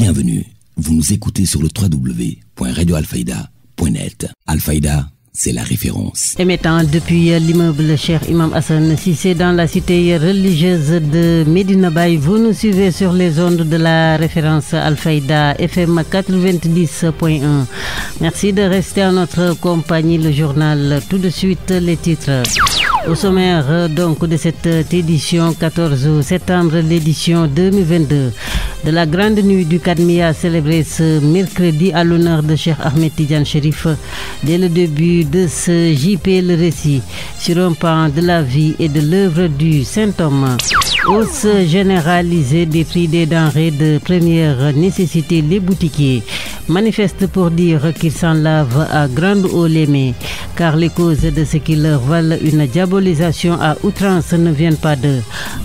Bienvenue. Vous nous écoutez sur le www.radioalfaïda.net. Alfaïda, c'est la référence. Émettant depuis euh, l'immeuble cher Imam Hassan si c'est dans la cité religieuse de Medina Bay, vous nous suivez sur les ondes de la référence al FM 90.1. Merci de rester en notre compagnie. Le journal, tout de suite, les titres. Au sommaire donc de cette euh, édition 14 septembre, l'édition 2022 de la Grande Nuit du Kadmia célébrée ce mercredi à l'honneur de Cheikh Ahmed Tidjan Sherif. Dès le début de ce JP, le récit sur un pan de la vie et de l'œuvre du Saint-Homme. Hausse généralisée des prix des denrées de première nécessité, les boutiquiers manifestent pour dire qu'ils s'en lavent à grande eau les car les causes de ce qui leur valent une diabolique à outrance ne viennent pas d'eux.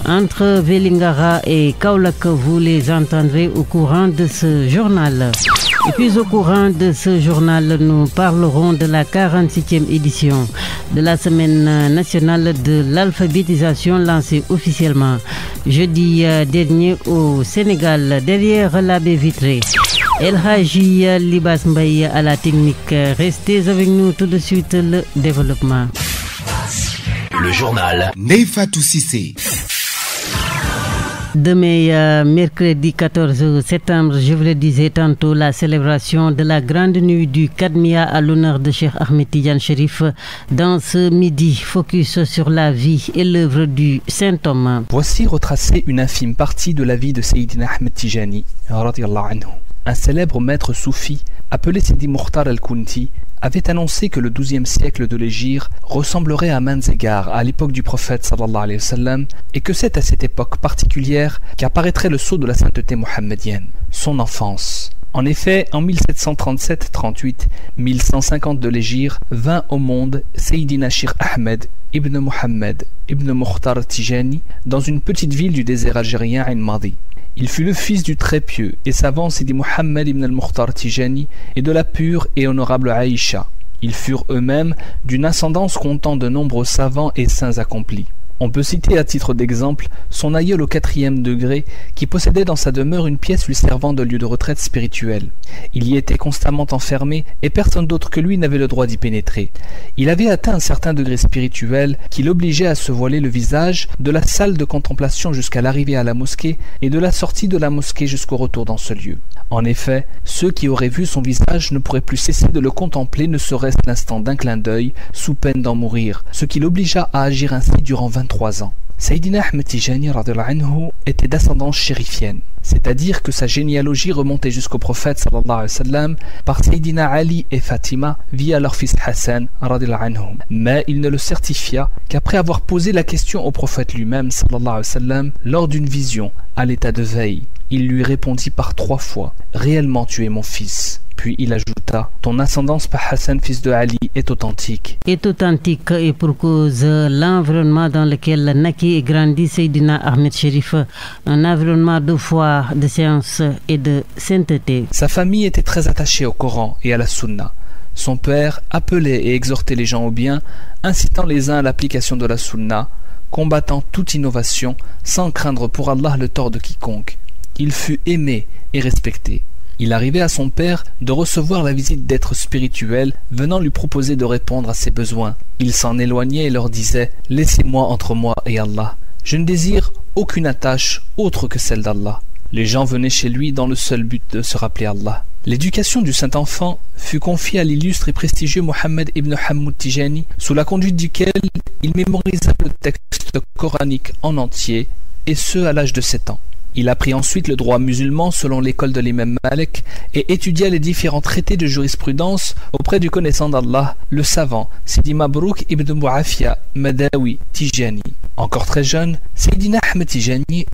Entre Velingara et Kaulak, vous les entendrez au courant de ce journal. Et puis au courant de ce journal, nous parlerons de la 47e édition de la Semaine nationale de l'alphabétisation lancée officiellement jeudi euh, dernier au Sénégal derrière l'abbé Vitré. vitrée. El Haji Libas Mbaye à la technique. Restez avec nous tout de suite le développement. Le journal Nefa Sissé. Demain, euh, mercredi 14 septembre, je vous le disais tantôt, la célébration de la grande nuit du Kadmia à l'honneur de Cheikh Ahmed Tidiane Sherif. Dans ce midi, focus sur la vie et l'œuvre du saint Thomas. Voici retracée une infime partie de la vie de Sayyidina Ahmed Tijani, un célèbre maître soufi appelé Sidi Mokhtar al-Kunti avait annoncé que le XIIe siècle de l'égir ressemblerait à maintes à l'époque du prophète sallallahu alayhi wa et que c'est à cette époque particulière qu'apparaîtrait le sceau de la sainteté mohammedienne, son enfance. En effet, en 1737-38, 1150 de l'Egyre vint au monde Seydina Nashir Ahmed ibn Muhammad ibn Mukhtar Tijani dans une petite ville du désert algérien Ain Madi. Il fut le fils du très pieux et savant Sidi Muhammad ibn al-Mukhtar Tijani et de la pure et honorable Aïcha. Ils furent eux-mêmes d'une ascendance comptant de nombreux savants et saints accomplis. On peut citer à titre d'exemple son aïeul au quatrième degré qui possédait dans sa demeure une pièce lui servant de lieu de retraite spirituelle. Il y était constamment enfermé et personne d'autre que lui n'avait le droit d'y pénétrer. Il avait atteint un certain degré spirituel qui l'obligeait à se voiler le visage de la salle de contemplation jusqu'à l'arrivée à la mosquée et de la sortie de la mosquée jusqu'au retour dans ce lieu. En effet, ceux qui auraient vu son visage ne pourraient plus cesser de le contempler ne serait-ce l'instant d'un clin d'œil, sous peine d'en mourir, ce qui l'obligea à agir ainsi durant vingt ans. Sayyidina Ahmed était d'ascendance chérifienne, c'est-à-dire que sa généalogie remontait jusqu'au prophète par Sayyidina Ali et Fatima via leur fils Hassan Mais il ne le certifia qu'après avoir posé la question au prophète lui-même lors d'une vision à l'état de veille. Il lui répondit par trois fois « Réellement tu es mon fils ». Puis il ajouta Ton ascendance par Hassan, fils de Ali, est authentique. Est authentique et pour cause l'environnement dans lequel naquit et grandit Sayyidina Ahmed Sherif, un environnement de foi, de science et de sainteté. Sa famille était très attachée au Coran et à la Sunna. Son père appelait et exhortait les gens au bien, incitant les uns à l'application de la Sunna, combattant toute innovation, sans craindre pour Allah le tort de quiconque. Il fut aimé et respecté. Il arrivait à son père de recevoir la visite d'êtres spirituels venant lui proposer de répondre à ses besoins. Il s'en éloignait et leur disait « Laissez-moi entre moi et Allah. Je ne désire aucune attache autre que celle d'Allah. » Les gens venaient chez lui dans le seul but de se rappeler Allah. L'éducation du Saint-Enfant fut confiée à l'illustre et prestigieux Mohammed ibn Hammu Tijani, sous la conduite duquel il mémorisa le texte coranique en entier, et ce à l'âge de 7 ans. Il apprit ensuite le droit musulman selon l'école de l'imam Malik et étudia les différents traités de jurisprudence auprès du connaissant d'Allah, le savant Sidi Mabrouk ibn Mu'afia Madawi Tijani. Encore très jeune, Sidi Ahmed Tijani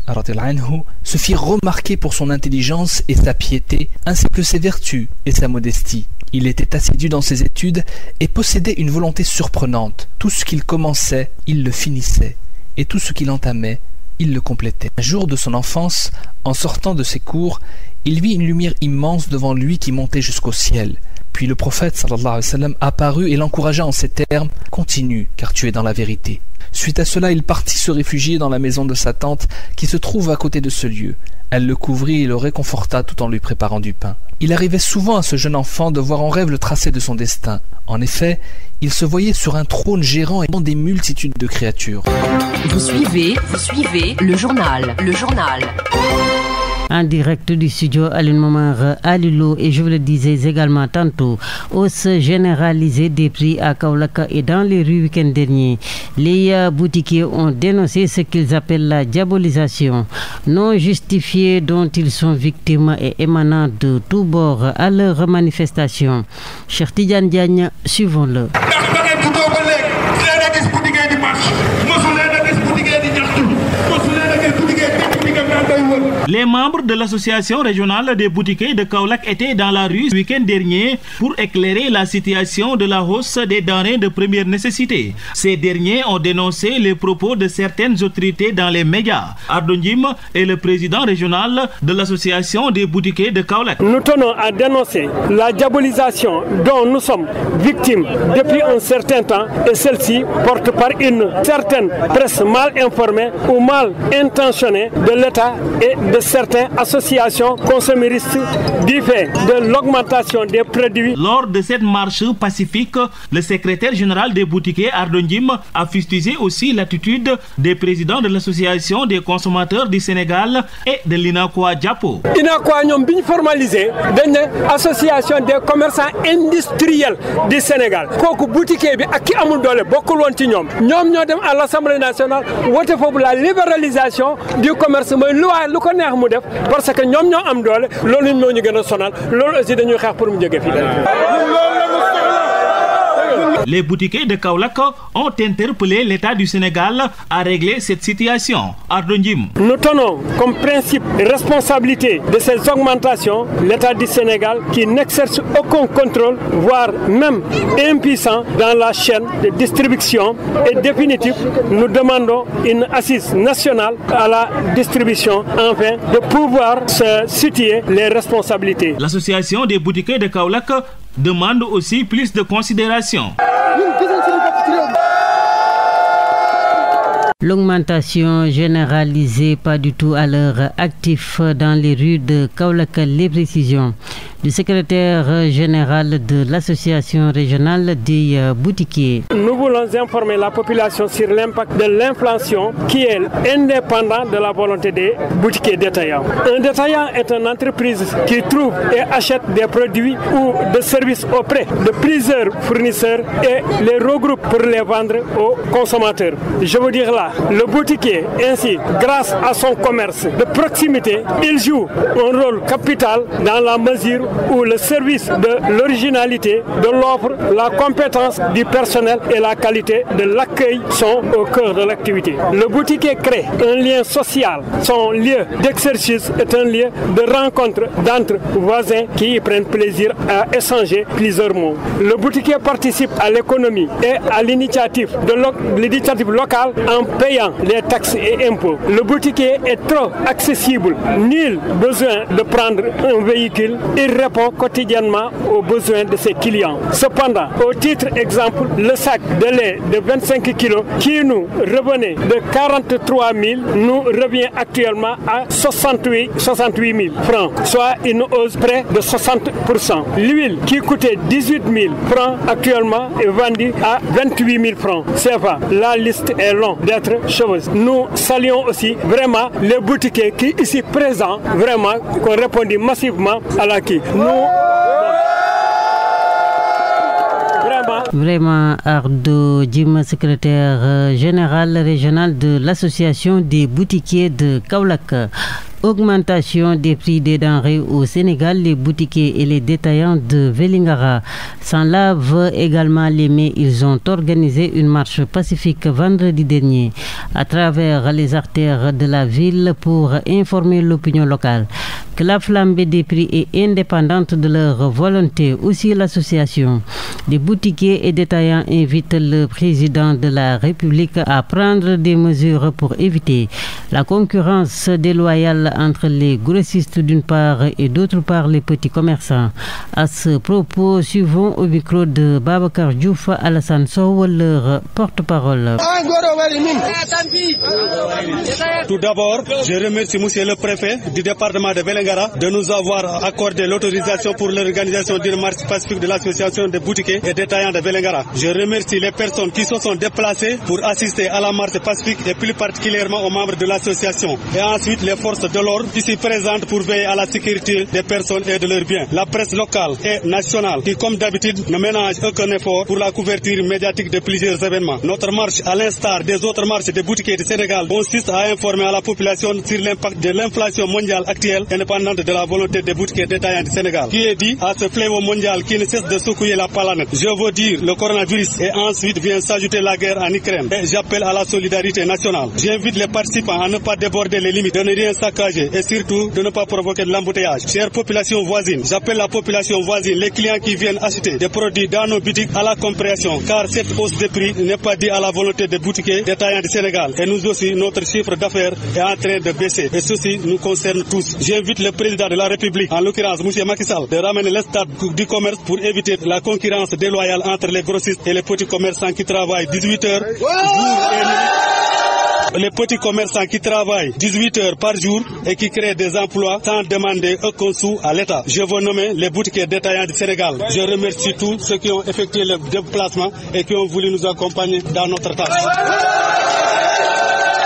se fit remarquer pour son intelligence et sa piété, ainsi que ses vertus et sa modestie. Il était assidu dans ses études et possédait une volonté surprenante. Tout ce qu'il commençait, il le finissait, et tout ce qu'il entamait, il le complétait. Un jour de son enfance, en sortant de ses cours, il vit une lumière immense devant lui qui montait jusqu'au ciel. Puis le prophète sallallahu alayhi wa apparut et l'encouragea en ces termes Continue, car tu es dans la vérité. Suite à cela, il partit se réfugier dans la maison de sa tante qui se trouve à côté de ce lieu. Elle le couvrit et le réconforta tout en lui préparant du pain. Il arrivait souvent à ce jeune enfant de voir en rêve le tracé de son destin. En effet, il se voyait sur un trône gérant et dans des multitudes de créatures. Vous suivez, vous suivez le journal, le journal en direct du studio Aline Momar Alilo et je vous le disais également tantôt, hausse généralisée des prix à Kaulaka et dans les rues week-end dernier. Les euh, boutiquiers ont dénoncé ce qu'ils appellent la diabolisation non justifiée dont ils sont victimes et émanant de tous bords à leur manifestation. Cher Tidjan Diagne, suivons-le. Les membres de l'association régionale des boutiquiers de Kaolack étaient dans la rue ce week-end dernier pour éclairer la situation de la hausse des denrées de première nécessité. Ces derniers ont dénoncé les propos de certaines autorités dans les médias. Ardonjim est le président régional de l'association des boutiquiers de Kaolack. Nous tenons à dénoncer la diabolisation dont nous sommes victimes depuis un certain temps et celle-ci porte par une certaine presse mal informée ou mal intentionnée de l'État et de certaines associations consommeristes du fait de l'augmentation des produits. Lors de cette marche pacifique, le secrétaire général des boutiquiers Ardondim a fustigé aussi l'attitude des présidents de l'association des consommateurs du Sénégal et de l'Inakwa Djapo. Inakwa nous formalisé l'association association des commerçants industriels du Sénégal Les boutiquier bi ak ki amul à l'Assemblée nationale pour la libéralisation du commerce lu neex mu def parce que ñoom ñoo am doole loolu moo ñu gën a sonal loolu aussi dañuy xeex pour mu jóge fii. Les boutiquiers de Kaulak ont interpellé l'État du Sénégal à régler cette situation. Ardondim. Nous tenons comme principe responsabilité de ces augmentations l'État du Sénégal qui n'exerce aucun contrôle, voire même impuissant dans la chaîne de distribution. Et définitive, nous demandons une assise nationale à la distribution afin de pouvoir se situer les responsabilités. L'association des boutiquiers de Kaulak demande aussi plus de considération. L'augmentation généralisée pas du tout à l'heure actif dans les rues de Kaulaka. Les précisions du secrétaire général de l'association régionale des euh, boutiquiers. Nous voulons informer la population sur l'impact de l'inflation qui est indépendante de la volonté des boutiquiers détaillants. Un détaillant est une entreprise qui trouve et achète des produits ou des services auprès de plusieurs fournisseurs et les regroupe pour les vendre aux consommateurs. Je veux dire là le boutiquier, ainsi, grâce à son commerce de proximité, il joue un rôle capital dans la mesure où le service de l'originalité de l'offre, la compétence du personnel et la qualité de l'accueil sont au cœur de l'activité. Le boutiquier crée un lien social. Son lieu d'exercice est un lieu de rencontre d'entre voisins qui y prennent plaisir à échanger plusieurs mots. Le boutiquier participe à l'économie et à l'initiative de l'initiative locale en payant les taxes et impôts. Le boutiquier est trop accessible. Nul besoin de prendre un véhicule. Il répond quotidiennement aux besoins de ses clients. Cependant, au titre exemple, le sac de lait de 25 kg qui nous revenait de 43 000 nous revient actuellement à 68, 68 000 francs, soit une hausse près de 60%. L'huile qui coûtait 18 000 francs actuellement est vendue à 28 000 francs. C'est vrai, La liste est longue chose. Nous saluons aussi vraiment les boutiquiers qui ici présents, vraiment, qui répondu massivement à qui Nous Vraiment, Ardo Jim, secrétaire euh, général régional de l'association des boutiquiers de Kaulak. Augmentation des prix des denrées au Sénégal, les boutiquiers et les détaillants de Velingara s'en également les mains. Ils ont organisé une marche pacifique vendredi dernier à travers les artères de la ville pour informer l'opinion locale la flambée des prix est indépendante de leur volonté. Aussi, l'association des boutiquiers et détaillants invite le président de la République à prendre des mesures pour éviter la concurrence déloyale entre les grossistes d'une part et d'autre part les petits commerçants. À ce propos, suivons au micro de Babacar Diouf Alassane Sow, leur porte-parole. Tout d'abord, je remercie Monsieur le préfet du département de Beleng de nous avoir accordé l'autorisation pour l'organisation d'une marche pacifique de l'association des boutiquiers et détaillants de Vélingara. Je remercie les personnes qui se sont déplacées pour assister à la marche pacifique et plus particulièrement aux membres de l'association et ensuite les forces de l'ordre ici présentes pour veiller à la sécurité des personnes et de leurs biens. La presse locale et nationale qui comme d'habitude ne ménage aucun effort pour la couverture médiatique de plusieurs événements. Notre marche à l'instar des autres marches des boutiquiers du Sénégal consiste à informer à la population sur l'impact de l'inflation mondiale actuelle et ne pas de la volonté des boutiques détaillants du Sénégal, qui est dit à ce fléau mondial qui ne cesse de secouiller la planète. Je veux dire le coronavirus et ensuite vient s'ajouter la guerre en Ukraine. j'appelle à la solidarité nationale. J'invite les participants à ne pas déborder les limites, de ne rien saccager et surtout de ne pas provoquer de l'embouteillage. Chère population voisine, j'appelle la population voisine, les clients qui viennent acheter des produits dans nos boutiques à la compréhension, car cette hausse des prix n'est pas due à la volonté des boutiquiers détaillants du Sénégal. Et nous aussi, notre chiffre d'affaires est en train de baisser. Et ceci nous concerne tous. J'invite le président de la République, en l'occurrence M. Macky Sall, de ramener le du commerce pour éviter la concurrence déloyale entre les grossistes et les petits commerçants qui travaillent 18 heures jour et nuit les petits commerçants qui travaillent 18 heures par jour et qui créent des emplois sans demander aucun sou à l'État. Je veux nommer les boutiques détaillants du Sénégal. Je remercie tous ceux qui ont effectué le déplacement et qui ont voulu nous accompagner dans notre tâche.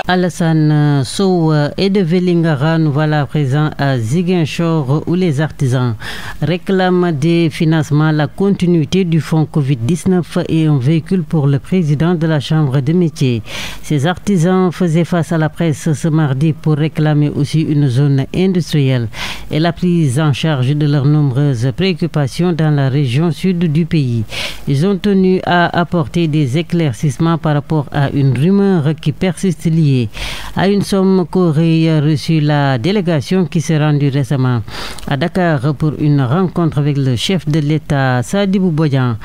Alassane euh, Sow euh, et de Velingara, nous voilà présent à Ziguinchor où les artisans réclament des financements, la continuité du fonds Covid-19 et un véhicule pour le président de la Chambre de Métiers. Ces artisans faisaient face à la presse ce mardi pour réclamer aussi une zone industrielle et la prise en charge de leurs nombreuses préoccupations dans la région sud du pays. Ils ont tenu à apporter des éclaircissements par rapport à une rumeur qui persiste liée à une somme qu'aurait reçue la délégation qui s'est rendue récemment à Dakar pour une rencontre avec le chef de l'État, Sadi Bouboyan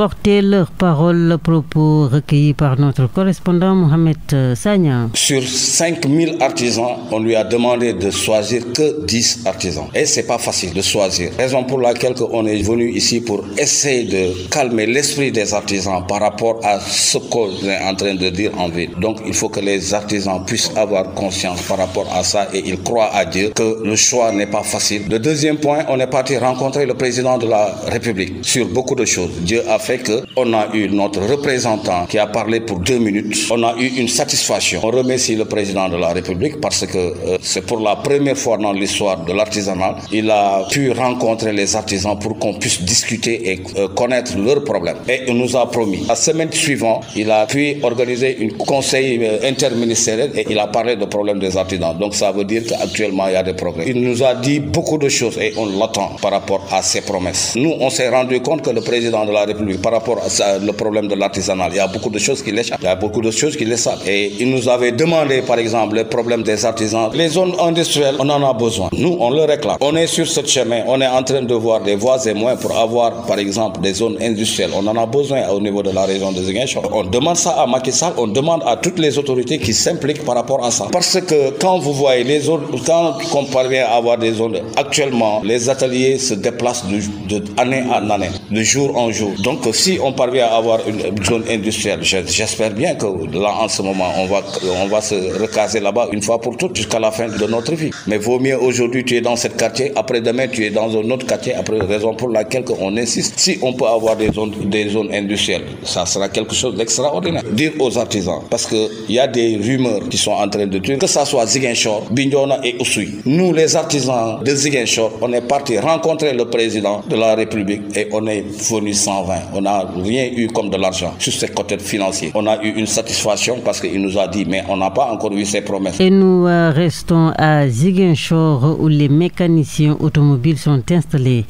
porter leurs paroles, propos recueilli par notre correspondant Mohamed euh, Sagna. Sur 5000 artisans, on lui a demandé de choisir que 10 artisans. Et c'est pas facile de choisir. Raison pour laquelle on est venu ici pour essayer de calmer l'esprit des artisans par rapport à ce qu'on est en train de dire en ville. Donc il faut que les artisans puissent avoir conscience par rapport à ça et ils croient à Dieu que le choix n'est pas facile. Le deuxième point, on est parti rencontrer le président de la République sur beaucoup de choses. Dieu a fait on a eu notre représentant qui a parlé pour deux minutes. On a eu une satisfaction. On remercie le président de la République parce que euh, c'est pour la première fois dans l'histoire de l'artisanat, il a pu rencontrer les artisans pour qu'on puisse discuter et euh, connaître leurs problèmes. Et il nous a promis. La semaine suivante, il a pu organiser une conseil euh, interministériel et il a parlé des problèmes des artisans. Donc ça veut dire qu'actuellement il y a des problèmes. Il nous a dit beaucoup de choses et on l'attend par rapport à ses promesses. Nous, on s'est rendu compte que le président de la République par rapport à le problème de l'artisanat. Il y a beaucoup de choses qui l'échappent. Il y a beaucoup de choses qui l'échappent. Et ils nous avait demandé, par exemple, le problème des artisans. Les zones industrielles, on en a besoin. Nous, on le réclame. On est sur ce chemin. On est en train de voir des voies et moyens pour avoir, par exemple, des zones industrielles. On en a besoin au niveau de la région de Ziguinchor. On demande ça à Macky On demande à toutes les autorités qui s'impliquent par rapport à ça. Parce que quand vous voyez les zones, quand on parvient à avoir des zones, actuellement, les ateliers se déplacent de, année en année, de jour en jour. Donc, donc, si on parvient à avoir une zone industrielle, j'espère bien que là, en ce moment, on va, on va se recaser là-bas une fois pour toutes jusqu'à la fin de notre vie. Mais vaut mieux aujourd'hui, tu es dans ce quartier, après-demain, tu es dans un autre quartier, après, raison pour laquelle on insiste. Si on peut avoir des zones, des zones industrielles, ça sera quelque chose d'extraordinaire. Dire aux artisans, parce qu'il y a des rumeurs qui sont en train de tuer, que ça soit Ziguinchor, Bignona et Ousui. Nous, les artisans de Ziguinchor, on est partis rencontrer le président de la République et on est venu 120 on n'a rien eu comme de l'argent sur ces côté financier. On a eu une satisfaction parce qu'il nous a dit, mais on n'a pas encore eu ses promesses. Et nous euh, restons à Ziguinchor où les mécaniciens automobiles sont installés.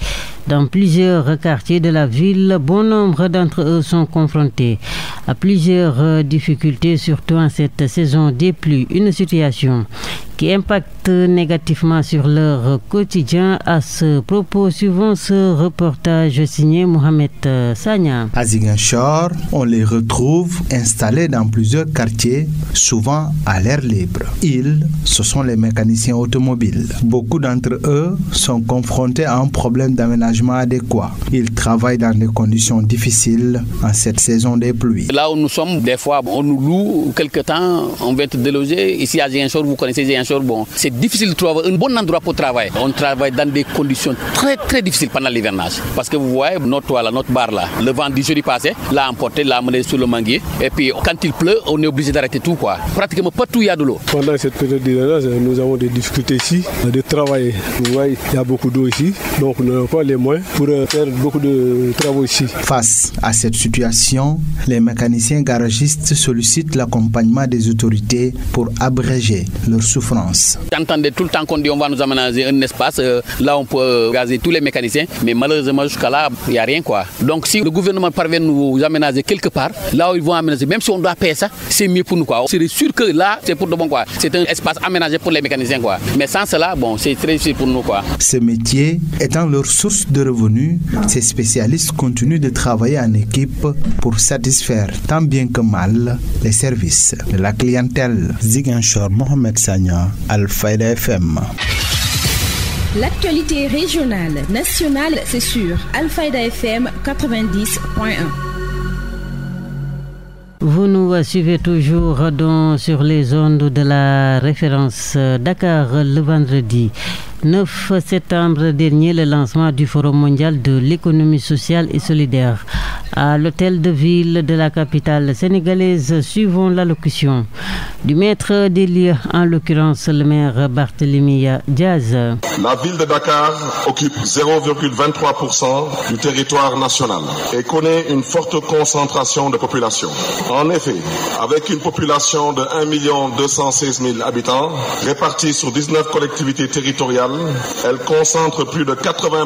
Dans plusieurs quartiers de la ville, bon nombre d'entre eux sont confrontés à plusieurs euh, difficultés, surtout en cette saison des pluies. Une situation qui impactent négativement sur leur quotidien. À ce propos, suivant ce reportage signé Mohamed euh, Sanya. À Ziguinchor, on les retrouve installés dans plusieurs quartiers, souvent à l'air libre. Ils, ce sont les mécaniciens automobiles. Beaucoup d'entre eux sont confrontés à un problème d'aménagement adéquat. Ils travaillent dans des conditions difficiles en cette saison des pluies. Là où nous sommes, des fois, on nous loue quelque temps, on va être délogé. Ici à Ziguinchor, vous connaissez Ziguinchor bon, c'est difficile de trouver un bon endroit pour travailler. On travaille dans des conditions très très difficiles pendant l'hivernage. Parce que vous voyez, notre toit notre bar là, le vent du jeudi passé l'a emporté, l'a amené sur le manguier. Et puis quand il pleut, on est obligé d'arrêter tout quoi. Pratiquement tout il y a de l'eau. Pendant cette période d'hivernage, nous avons des difficultés ici de travailler. Vous voyez, il y a beaucoup d'eau ici, donc nous n'avons pas les moyens pour euh, faire beaucoup de travaux ici. Face à cette situation, les mécaniciens garagistes sollicitent l'accompagnement des autorités pour abréger leur souffrance. J'entendais tout le temps qu'on dit on va nous aménager un espace, euh, là on peut euh, gazer tous les mécaniciens, mais malheureusement jusqu'à là, il n'y a rien quoi. Donc si le gouvernement parvient nous aménager quelque part, là où ils vont aménager, même si on doit payer ça, c'est mieux pour nous quoi. C'est sûr que là, c'est pour de bon quoi. C'est un espace aménagé pour les mécaniciens quoi. Mais sans cela, bon, c'est très difficile pour nous quoi. Ce métier étant leur source de revenus, ces spécialistes continuent de travailler en équipe pour satisfaire tant bien que mal les services de la clientèle. Ziguinchor Mohamed Sagna et FM. L'actualité régionale, nationale, c'est sur et FM 90.1. Vous nous suivez toujours sur les ondes de la référence Dakar le vendredi. 9 septembre dernier, le lancement du Forum mondial de l'économie sociale et solidaire. À l'hôtel de ville de la capitale sénégalaise, suivant l'allocution du maître des lieux, en l'occurrence le maire Barthélémy Diaz. La ville de Dakar occupe 0,23% du territoire national et connaît une forte concentration de population. En effet, avec une population de 1 216 000 habitants répartis sur 19 collectivités territoriales, elle concentre plus de 80%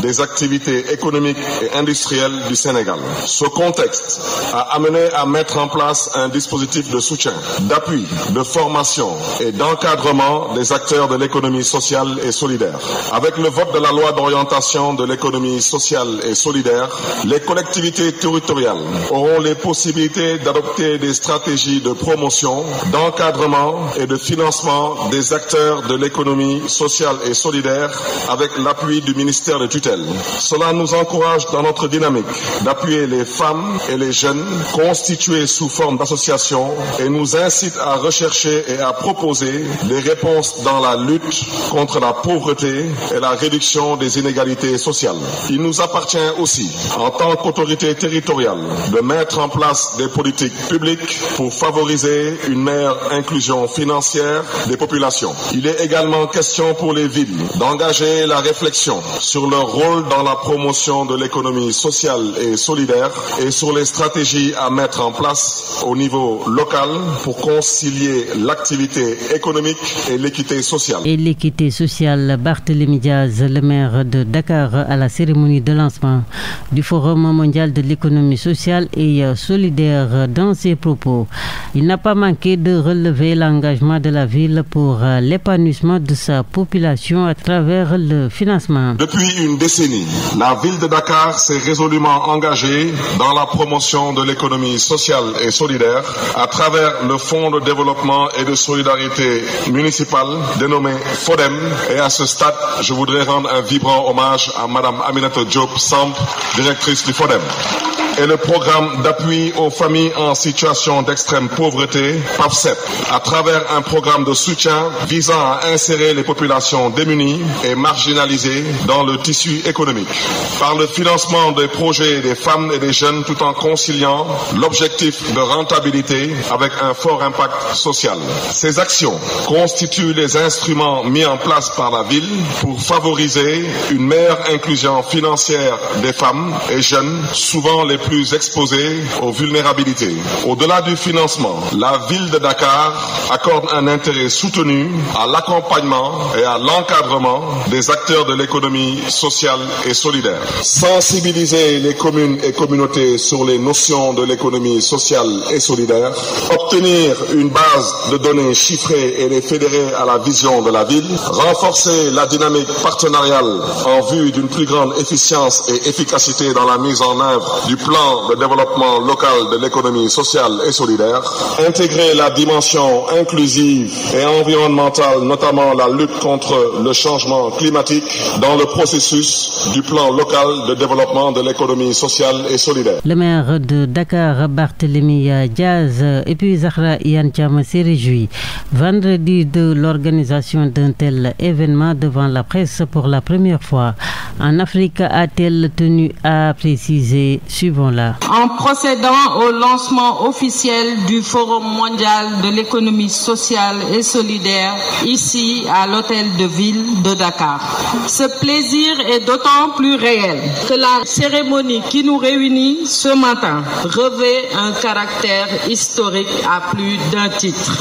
des activités économiques et industrielles du Sénégal. Ce contexte a amené à mettre en place un dispositif de soutien, d'appui, de formation et d'encadrement des acteurs de l'économie sociale et solidaire. Avec le vote de la loi d'orientation de l'économie sociale et solidaire, les collectivités territoriales auront les possibilités d'adopter des stratégies de promotion, d'encadrement et de financement des acteurs de l'économie sociale et solidaire avec l'appui du ministère de tutelle. Cela nous encourage dans notre dynamique d'appuyer les femmes et les jeunes constitués sous forme d'associations et nous incite à rechercher et à proposer des réponses dans la lutte contre la pauvreté et la réduction des inégalités sociales. Il nous appartient aussi, en tant qu'autorité territoriale, de mettre en place des politiques publiques pour favoriser une meilleure inclusion financière des populations. Il est également question pour les villes d'engager la réflexion sur leur rôle dans la promotion de l'économie sociale et solidaire et sur les stratégies à mettre en place au niveau local pour concilier l'activité économique et l'équité sociale. Et l'équité sociale, Barthélémy Diaz, le maire de Dakar, à la cérémonie de lancement du Forum mondial de l'économie sociale et solidaire dans ses propos. Il n'a pas manqué de relever l'engagement de la ville pour l'épanouissement de sa population à travers le financement. Depuis une décennie, la ville de Dakar s'est résolument engagée dans la promotion de l'économie sociale et solidaire à travers le Fonds de développement et de solidarité municipale dénommé FODEM. Et à ce stade, je voudrais rendre un vibrant hommage à Madame Aminata Diop Samp, directrice du FODEM et le programme d'appui aux familles en situation d'extrême pauvreté, PAFSEP, e à travers un programme de soutien visant à insérer les populations démunies et marginalisées dans le tissu économique. Par le financement des projets des femmes et des jeunes tout en conciliant l'objectif de rentabilité avec un fort impact social. Ces actions constituent les instruments mis en place par la ville pour favoriser une meilleure inclusion financière des femmes et jeunes, souvent les plus exposés aux vulnérabilités. Au-delà du financement, la ville de Dakar accorde un intérêt soutenu à l'accompagnement et l'encadrement des acteurs de l'économie sociale et solidaire. Sensibiliser les communes et communautés sur les notions de l'économie sociale et solidaire. Obtenir une base de données chiffrées et les fédérer à la vision de la ville. Renforcer la dynamique partenariale en vue d'une plus grande efficience et efficacité dans la mise en œuvre du plan de développement local de l'économie sociale et solidaire. Intégrer la dimension inclusive et environnementale, notamment la lutte contre contre le changement climatique dans le processus du plan local de développement de l'économie sociale et solidaire. Le maire de Dakar, Barthélémy Diaz, et puis Zahra Yantiam s'est réjoui vendredi de l'organisation d'un tel événement devant la presse pour la première fois. En Afrique a-t-elle tenu à préciser, suivant la En procédant au lancement officiel du Forum mondial de l'économie sociale et solidaire, ici à l'hôtel de ville de Dakar. Ce plaisir est d'autant plus réel que la cérémonie qui nous réunit ce matin revêt un caractère historique à plus d'un titre.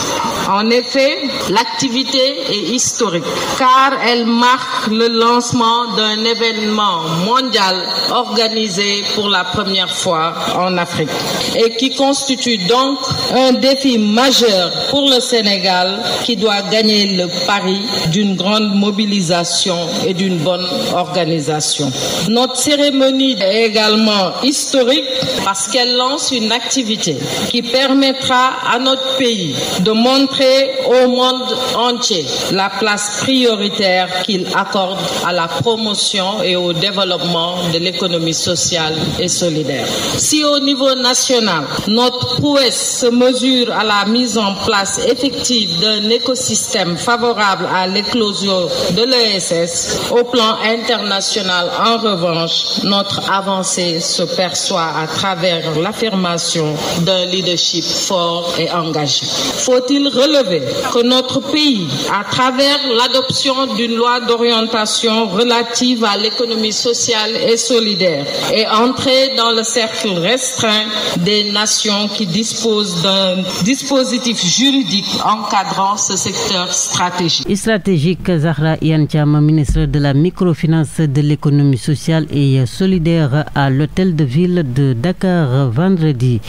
En effet, l'activité est historique car elle marque le lancement d'un événement mondial organisé pour la première fois en Afrique et qui constitue donc un défi majeur pour le Sénégal qui doit gagner le pari d'une grande mobilisation et d'une bonne organisation. Notre cérémonie est également historique parce qu'elle lance une activité qui permettra à notre pays de montrer au monde entier la place prioritaire qu'il accorde à la promotion et au développement de l'économie sociale et solidaire. Si au niveau national, notre prouesse se mesure à la mise en place effective d'un écosystème favorable à l'éclosion de l'ESS au plan international, en revanche, notre avancée se perçoit à travers l'affirmation d'un leadership fort et engagé. Faut-il relever que notre pays, à travers l'adoption d'une loi d'orientation relative à l'économie sociale et solidaire, est entré dans le cercle restreint des nations qui disposent d'un dispositif juridique encadrant ce secteur stratégique. Et stratégique Zahra Yantiam, ministre de la microfinance, de l'économie sociale et solidaire à l'hôtel de ville de Dakar vendredi.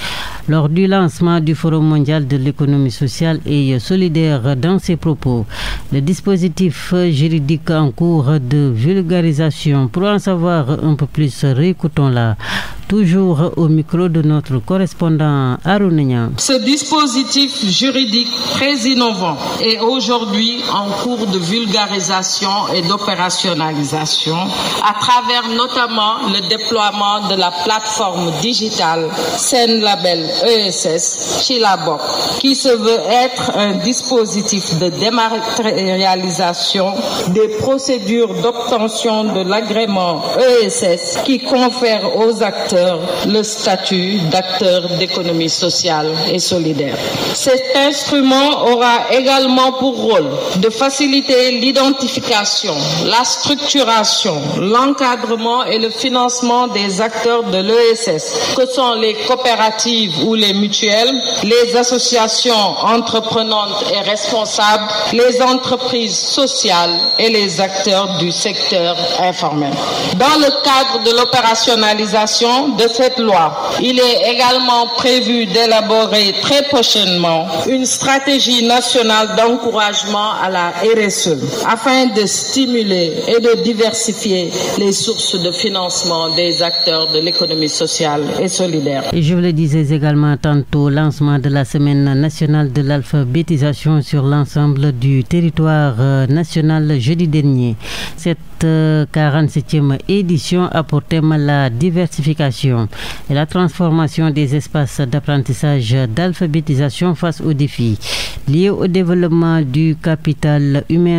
Lors du lancement du Forum mondial de l'économie sociale et solidaire dans ses propos, le dispositif juridique en cours de vulgarisation. Pour en savoir un peu plus, réécoutons-la. Toujours au micro de notre correspondant Arounian. Ce dispositif juridique très innovant est aujourd'hui en cours de vulgarisation vulgarisation et d'opérationnalisation à travers notamment le déploiement de la plateforme digitale Scène Label ESS chez la qui se veut être un dispositif de dématérialisation des procédures d'obtention de l'agrément ESS qui confère aux acteurs le statut d'acteurs d'économie sociale et solidaire. Cet instrument aura également pour rôle de faciliter l'identification, la structuration, l'encadrement et le financement des acteurs de l'ESS, que sont les coopératives ou les mutuelles, les associations entreprenantes et responsables, les entreprises sociales et les acteurs du secteur informel. Dans le cadre de l'opérationnalisation de cette loi, il est également prévu d'élaborer très prochainement une stratégie nationale d'encouragement à la RSE afin de stimuler et de diversifier les sources de financement des acteurs de l'économie sociale et solidaire. Et je vous le disais également tantôt, lancement de la semaine nationale de l'alphabétisation sur l'ensemble du territoire euh, national jeudi dernier. Cette 47e euh, édition a pour thème la diversification et la transformation des espaces d'apprentissage d'alphabétisation face aux défis liés au développement du capital humain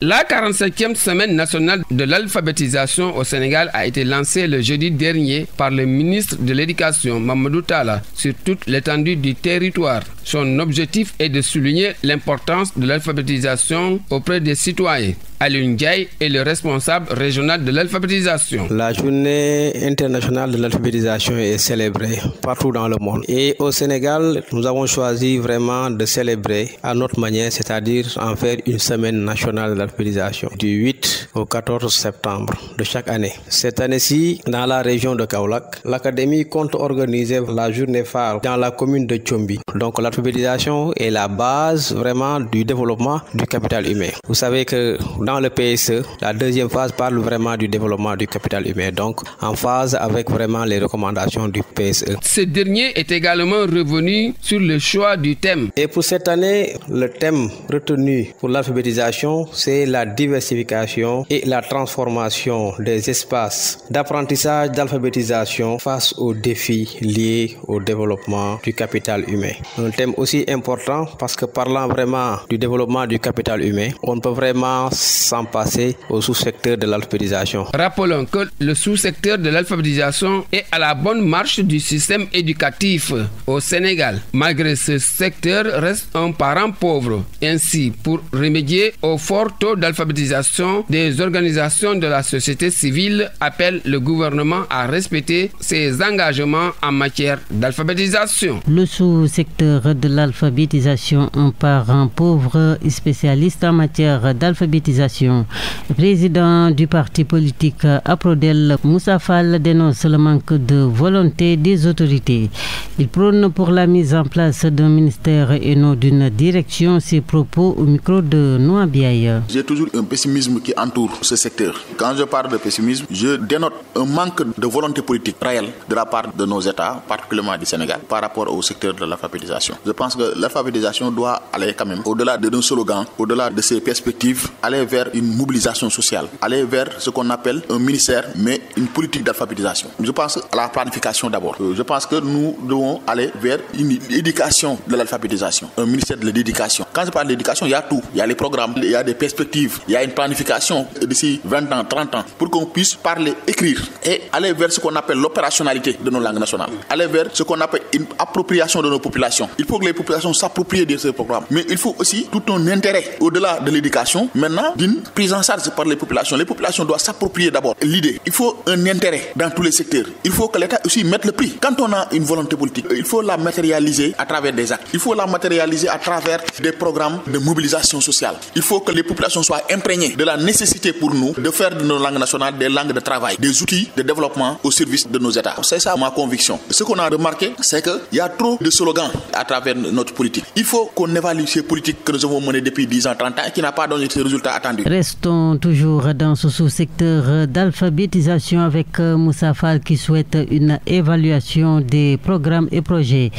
la 45 e semaine nationale de l'alphabétisation au Sénégal a été lancée le jeudi dernier par le ministre de l'Éducation, Mamadou Tala, sur toute l'étendue du territoire. Son objectif est de souligner l'importance de l'alphabétisation auprès des citoyens Alun Ndiaye est le responsable régional de l'alphabétisation. La journée internationale de l'alphabétisation est célébrée partout dans le monde. Et au Sénégal, nous avons choisi vraiment de célébrer à notre manière, c'est-à-dire en faire une semaine nationale de l'alphabétisation du 8 au 14 septembre de chaque année. Cette année-ci, dans la région de Kaolack, l'Académie compte organiser la journée phare dans la commune de Tchombi. Donc l'alphabétisation est la base vraiment du développement du capital humain. Vous savez que dans dans le PSE, la deuxième phase parle vraiment du développement du capital humain, donc en phase avec vraiment les recommandations du PSE. Ce dernier est également revenu sur le choix du thème. Et pour cette année, le thème retenu pour l'alphabétisation, c'est la diversification et la transformation des espaces d'apprentissage, d'alphabétisation face aux défis liés au développement du capital humain. Un thème aussi important parce que parlant vraiment du développement du capital humain, on peut vraiment sans passer au sous-secteur de l'alphabétisation. Rappelons que le sous-secteur de l'alphabétisation est à la bonne marche du système éducatif au Sénégal. Malgré ce secteur reste un parent pauvre. Ainsi, pour remédier au fort taux d'alphabétisation des organisations de la société civile, appellent le gouvernement à respecter ses engagements en matière d'alphabétisation. Le sous-secteur de l'alphabétisation, un parent pauvre, spécialiste en matière d'alphabétisation le président du parti politique Aprodel, Moussa Fall, dénonce le manque de volonté des autorités. Il prône pour la mise en place d'un ministère et non d'une direction ses propos au micro de Noa Biaye. J'ai toujours un pessimisme qui entoure ce secteur. Quand je parle de pessimisme, je dénote un manque de volonté politique réelle de la part de nos États, particulièrement du Sénégal, par rapport au secteur de l'alphabétisation. Je pense que l'alphabétisation doit aller quand même au-delà de nos slogans, au-delà de ses perspectives, aller vers une mobilisation sociale, aller vers ce qu'on appelle un ministère, mais une politique d'alphabétisation. Je pense à la planification d'abord. Euh, je pense que nous devons aller vers une éducation de l'alphabétisation, un ministère de l'éducation. Quand je parle d'éducation, il y a tout. Il y a les programmes, il y a des perspectives, il y a une planification d'ici 20 ans, 30 ans, pour qu'on puisse parler, écrire et aller vers ce qu'on appelle l'opérationnalité de nos langues nationales, aller vers ce qu'on appelle une appropriation de nos populations. Il faut que les populations s'approprient de ce programme, mais il faut aussi tout un intérêt au-delà de l'éducation, maintenant d'une prise en charge par les populations. Les populations doivent s'approprier d'abord l'idée. Il faut un intérêt dans tous les secteurs. Il faut que l'État aussi mette le prix. Quand on a une volonté politique, il faut la matérialiser à travers des actes. Il faut la matérialiser à travers des programmes de mobilisation sociale. Il faut que les populations soient imprégnées de la nécessité pour nous de faire de nos langues nationales des langues de travail, des outils de développement au service de nos États. C'est ça ma conviction. Ce qu'on a remarqué, c'est qu'il y a trop de slogans à travers notre politique. Il faut qu'on évalue ces politiques que nous avons menées depuis 10 ans, 30 ans et qui n'a pas donné ces résultats Restons toujours dans ce sous-secteur d'alphabétisation avec euh, Moussa Fall qui souhaite une évaluation des programmes et projets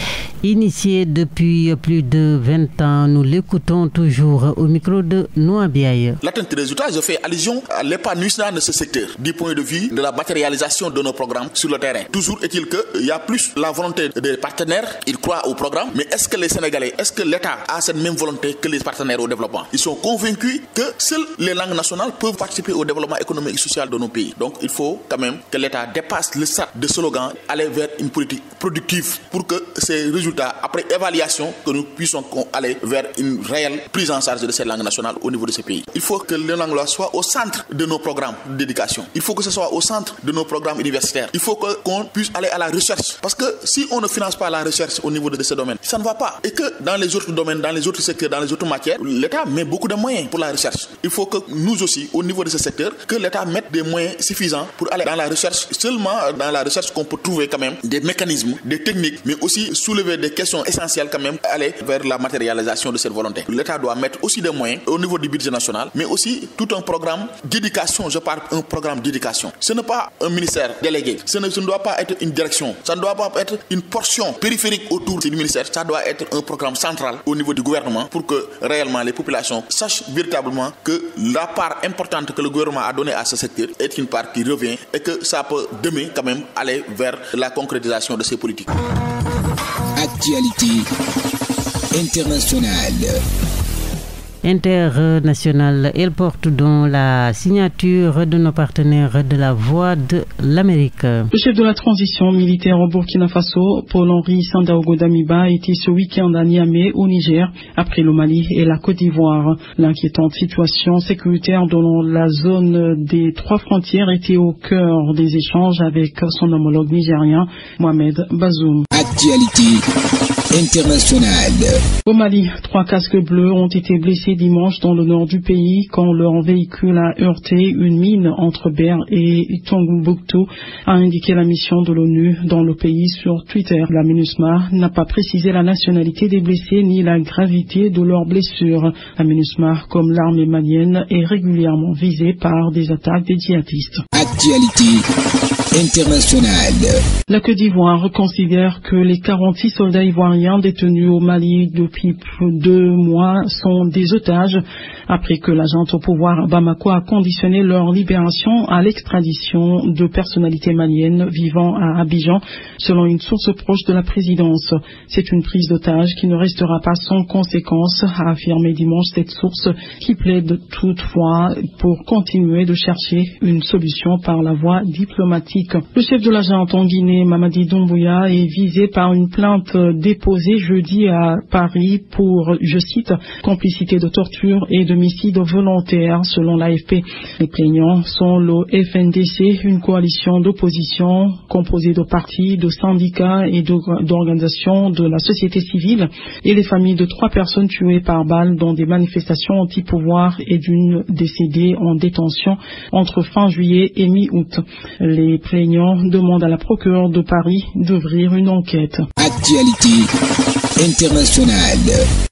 initiés depuis plus de 20 ans. Nous l'écoutons toujours au micro de Noabiaye. L'atteinte des résultats, je fais allusion à l'épanouissement de ce secteur du point de vue de la matérialisation de nos programmes sur le terrain. Toujours est-il qu'il y a plus la volonté des partenaires, ils croient au programme, mais est-ce que les Sénégalais, est-ce que l'État a cette même volonté que les partenaires au développement Ils sont convaincus que seul les langues nationales peuvent participer au développement économique et social de nos pays. Donc il faut quand même que l'État dépasse le sac de slogan, aller vers une politique productive pour que ces résultats, après évaluation, que nous puissions aller vers une réelle prise en charge de ces langues nationales au niveau de ces pays. Il faut que les langues soient au centre de nos programmes d'éducation. Il faut que ce soit au centre de nos programmes universitaires. Il faut qu'on puisse aller à la recherche. Parce que si on ne finance pas la recherche au niveau de ces domaines, ça ne va pas. Et que dans les autres domaines, dans les autres secteurs, dans les autres matières, l'État met beaucoup de moyens pour la recherche. Il faut que nous aussi, au niveau de ce secteur, que l'État mette des moyens suffisants pour aller dans la recherche, seulement dans la recherche qu'on peut trouver quand même des mécanismes, des techniques, mais aussi soulever des questions essentielles quand même, aller vers la matérialisation de cette volonté. L'État doit mettre aussi des moyens au niveau du budget national, mais aussi tout un programme d'éducation, je parle un programme d'éducation. Ce n'est pas un ministère délégué, ce ne, ce ne doit pas être une direction, ça ne doit pas être une portion périphérique autour du ministère, ça doit être un programme central au niveau du gouvernement pour que réellement les populations sachent véritablement que la part importante que le gouvernement a donnée à ce secteur est une part qui revient et que ça peut demain quand même aller vers la concrétisation de ces politiques. Actualité internationale internationale. Elle porte donc la signature de nos partenaires de la Voix de l'Amérique. Le chef de la transition militaire au Burkina Faso, Paul-Henri Sandaogo Damiba, était ce week-end à Niamey, au Niger, après le Mali et la Côte d'Ivoire. L'inquiétante situation sécuritaire dans la zone des trois frontières était au cœur des échanges avec son homologue nigérien, Mohamed Bazoum. Au Mali, trois casques bleus ont été blessés dimanche dans le nord du pays quand leur véhicule a heurté une mine entre Ber et Tombouctou, a indiqué la mission de l'ONU dans le pays sur Twitter. La MINUSMA n'a pas précisé la nationalité des blessés ni la gravité de leurs blessures. La MINUSMA, comme l'armée malienne, est régulièrement visée par des attaques des djihadistes internationale. La Côte d'Ivoire considère que les 46 soldats ivoiriens détenus au Mali depuis deux mois sont des otages après que l'agent au pouvoir Bamako a conditionné leur libération à l'extradition de personnalités maliennes vivant à Abidjan selon une source proche de la présidence. C'est une prise d'otage qui ne restera pas sans conséquence, a affirmé dimanche cette source qui plaide toutefois pour continuer de chercher une solution par la voie diplomatique. Le chef de l'agent en Guinée, Mamadi Doumbouya, est visé par une plainte déposée jeudi à Paris pour, je cite, complicité de torture et de d'homicide volontaire, selon l'AFP. Les plaignants sont le FNDC, une coalition d'opposition composée de partis, de syndicats et d'organisations de, la société civile et les familles de trois personnes tuées par balle dans des manifestations anti-pouvoir et d'une décédée en détention entre fin juillet et mi-août. Les plaignants demandent à la procureure de Paris d'ouvrir une enquête.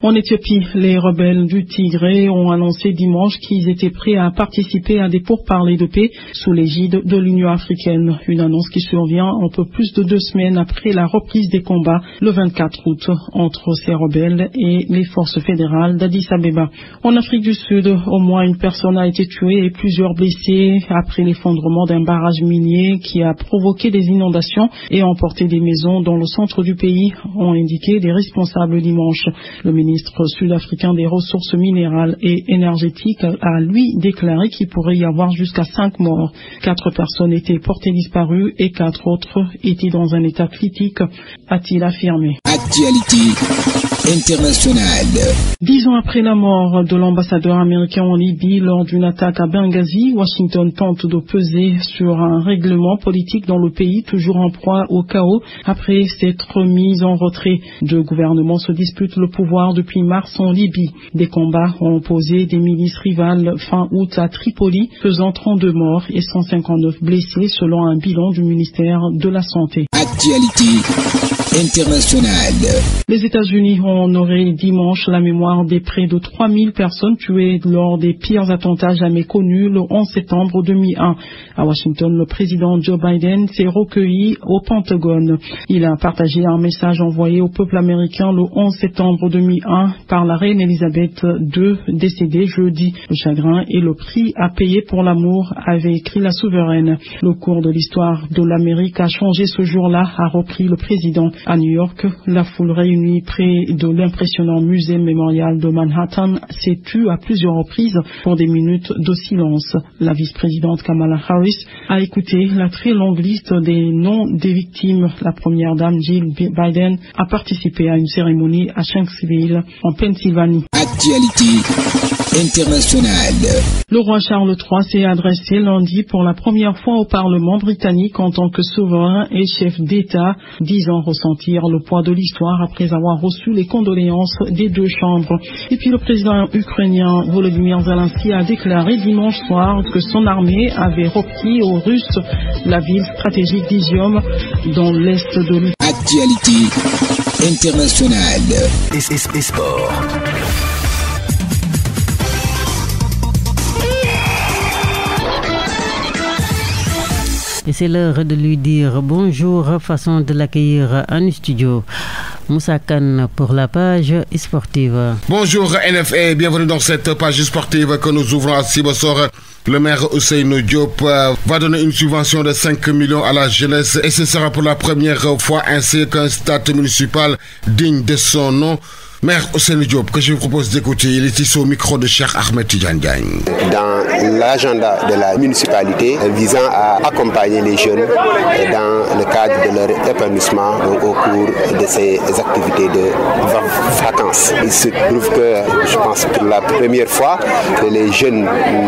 En Éthiopie, les rebelles du Tigré ont annoncé dimanche qu'ils étaient prêts à participer à des pourparlers de paix sous l'égide de l'Union africaine. Une annonce qui survient un peu plus de deux semaines après la reprise des combats le 24 août entre ces rebelles et les forces fédérales d'Addis Abeba. En Afrique du Sud, au moins une personne a été tuée et plusieurs blessés après l'effondrement d'un barrage minier qui a provoqué des inondations et emporté des maisons dans le centre du pays, ont indiqué des Responsable dimanche. Le ministre sud-africain des Ressources minérales et énergétiques a lui déclaré qu'il pourrait y avoir jusqu'à cinq morts. Quatre personnes étaient portées disparues et quatre autres étaient dans un état critique, a-t-il affirmé. International. Dix ans après la mort de l'ambassadeur américain en Libye lors d'une attaque à Benghazi, Washington tente de peser sur un règlement politique dans le pays toujours en proie au chaos après cette remise en retrait. Deux gouvernements se disputent le pouvoir depuis mars en Libye. Des combats ont opposé des milices rivales fin août à Tripoli, faisant 32 morts et 159 blessés selon un bilan du ministère de la Santé. Actualité internationale. Les États-Unis ont on aurait dimanche la mémoire des près de 3000 personnes tuées lors des pires attentats jamais connus le 11 septembre 2001. À Washington, le président Joe Biden s'est recueilli au Pentagone. Il a partagé un message envoyé au peuple américain le 11 septembre 2001 par la reine Elisabeth II, décédée jeudi. Le chagrin et le prix à payer pour l'amour, avait écrit la souveraine. Le cours de l'histoire de l'Amérique a changé ce jour-là, a repris le président. À New York, la foule réunie près de l'impressionnant musée mémorial de Manhattan s'est tue à plusieurs reprises pour des minutes de silence. La vice-présidente Kamala Harris a écouté la très longue liste des noms des victimes. La première dame Jill Biden a participé à une cérémonie à Shanksville, en Pennsylvanie. Actualité internationale. Le roi Charles III s'est adressé lundi pour la première fois au Parlement britannique en tant que souverain et chef d'État, disant ressentir le poids de l'histoire après avoir reçu les condoléances des deux chambres. Et puis le président ukrainien Volodymyr Zelensky a déclaré dimanche soir que son armée avait repris aux Russes la ville stratégique d'Izium dans l'est de l'Ukraine. Actualité internationale. et sport. Et c'est l'heure de lui dire bonjour, façon de l'accueillir en studio. Moussa pour la page sportive. Bonjour NFA, bienvenue dans cette page sportive que nous ouvrons à Sibosor. Le maire Hussein Diop euh, va donner une subvention de 5 millions à la jeunesse et ce sera pour la première fois ainsi qu'un stade municipal digne de son nom. Mère Ossène Diop, que je vous propose d'écouter, il est ici au micro de Cheikh Ahmed Tidjane Dans l'agenda de la municipalité visant à accompagner les jeunes dans le cadre de leur épanouissement au cours de ces activités de vacances. Il se trouve que, je pense pour la première fois, que les jeunes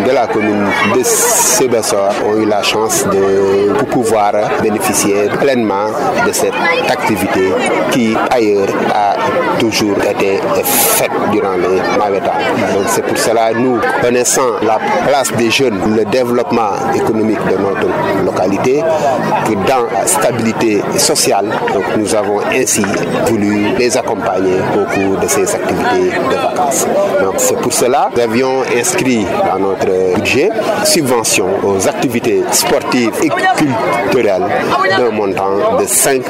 de la commune de Sébessor ont eu la chance de pouvoir bénéficier pleinement de cette activité qui, ailleurs, a toujours été été faite durant les mauvais Donc c'est pour cela, nous, connaissons la place des jeunes, le développement économique de notre localité, et dans la stabilité sociale, donc nous avons ainsi voulu les accompagner au cours de ces activités de vacances. Donc c'est pour cela, nous avions inscrit dans notre budget subvention aux activités sportives et culturelles d'un montant de 5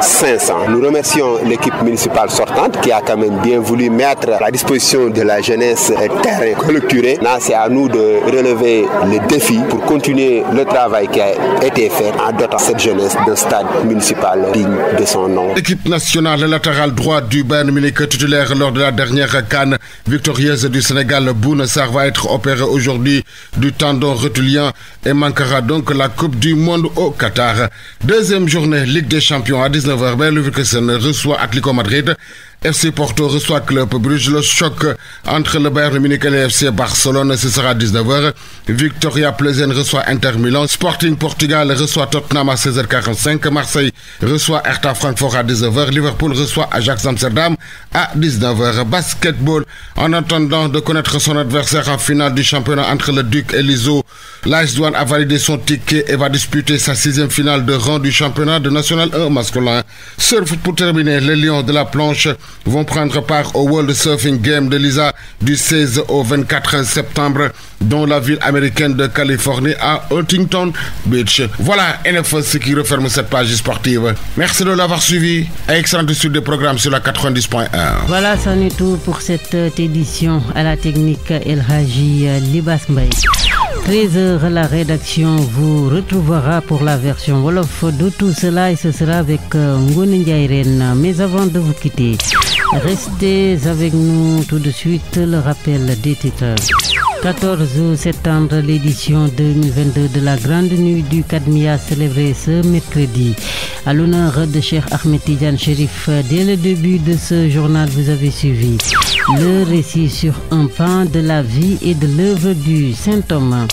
500 000. Nous remercions l'équipe municipale sortante qui a quand même bien voulu mettre à la disposition de la jeunesse terrain clôturé. Là, c'est à nous de relever les défis pour continuer le travail qui a été fait en dotant cette jeunesse d'un stade municipal digne de son nom. L'équipe nationale latérale droite du Bayern Munich titulaire lors de la dernière canne victorieuse du Sénégal, Boune Sarr va être opéré aujourd'hui du tendon rotulien et manquera donc la Coupe du Monde au Qatar. Deuxième journée, Ligue des Champions à 19h, le ben Leverkusen reçoit Atlético Madrid. FC Porto reçoit Club Bruges. Le choc entre le Bayern Munich et le FC Barcelone, ce sera à 19h. Victoria Plzen reçoit Inter Milan. Sporting Portugal reçoit Tottenham à 16h45. Marseille reçoit Hertha Francfort à 19h. Liverpool reçoit Ajax Amsterdam à 19h. Basketball, en attendant de connaître son adversaire en finale du championnat entre le Duc et l'ISO, l'AS a validé son ticket et va disputer sa sixième finale de rang du championnat de National 1 masculin. Surf pour terminer, les Lions de la planche vont prendre part au World Surfing Game de l'ISA du 16 au 24 septembre dans la ville américaine de Californie à Huntington Beach. Voilà NFS qui referme cette page sportive. Merci de l'avoir suivi. excellent suite de programme sur la 90.1. Voilà, c'en est tout pour cette euh, édition à la technique El Haji euh, Libas 13h, la rédaction vous retrouvera pour la version Wolof de tout cela et ce sera avec euh, Ngun Irene. Mais avant de vous quitter, Restez avec nous tout de suite, le rappel des titres. 14 septembre, l'édition 2022 de la Grande Nuit du Cadmia célébrée ce mercredi. À l'honneur de Cheikh Ahmed Tidjan Sherif, dès le début de ce journal, vous avez suivi le récit sur un pan de la vie et de l'œuvre du Saint Thomas.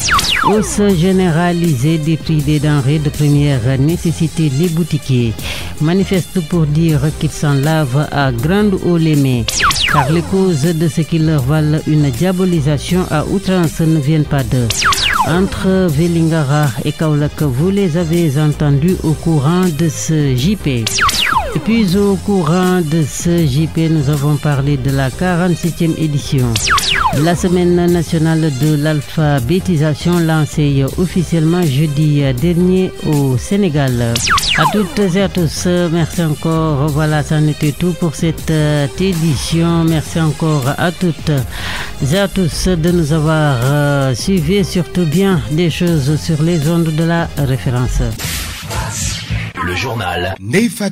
Hausse généralisée des prix des denrées de première nécessité, les boutiquiers manifestent pour dire qu'ils s'en lavent à grande eau les mains. Car les causes de ce qui leur valent une diabolisation à outrance ne viennent pas d'eux. Entre Vélingara et Kaulak, vous les avez entendus au courant de ce JP. Et puis au courant de ce JP, nous avons parlé de la 47e édition la semaine nationale de l'alphabétisation lancée officiellement jeudi dernier au Sénégal. À toutes et à tous, merci encore. Voilà, ça n'était tout pour cette euh, édition. Merci encore à toutes et à tous de nous avoir euh, suivis, surtout bien des choses sur les ondes de la référence. Le journal Neifa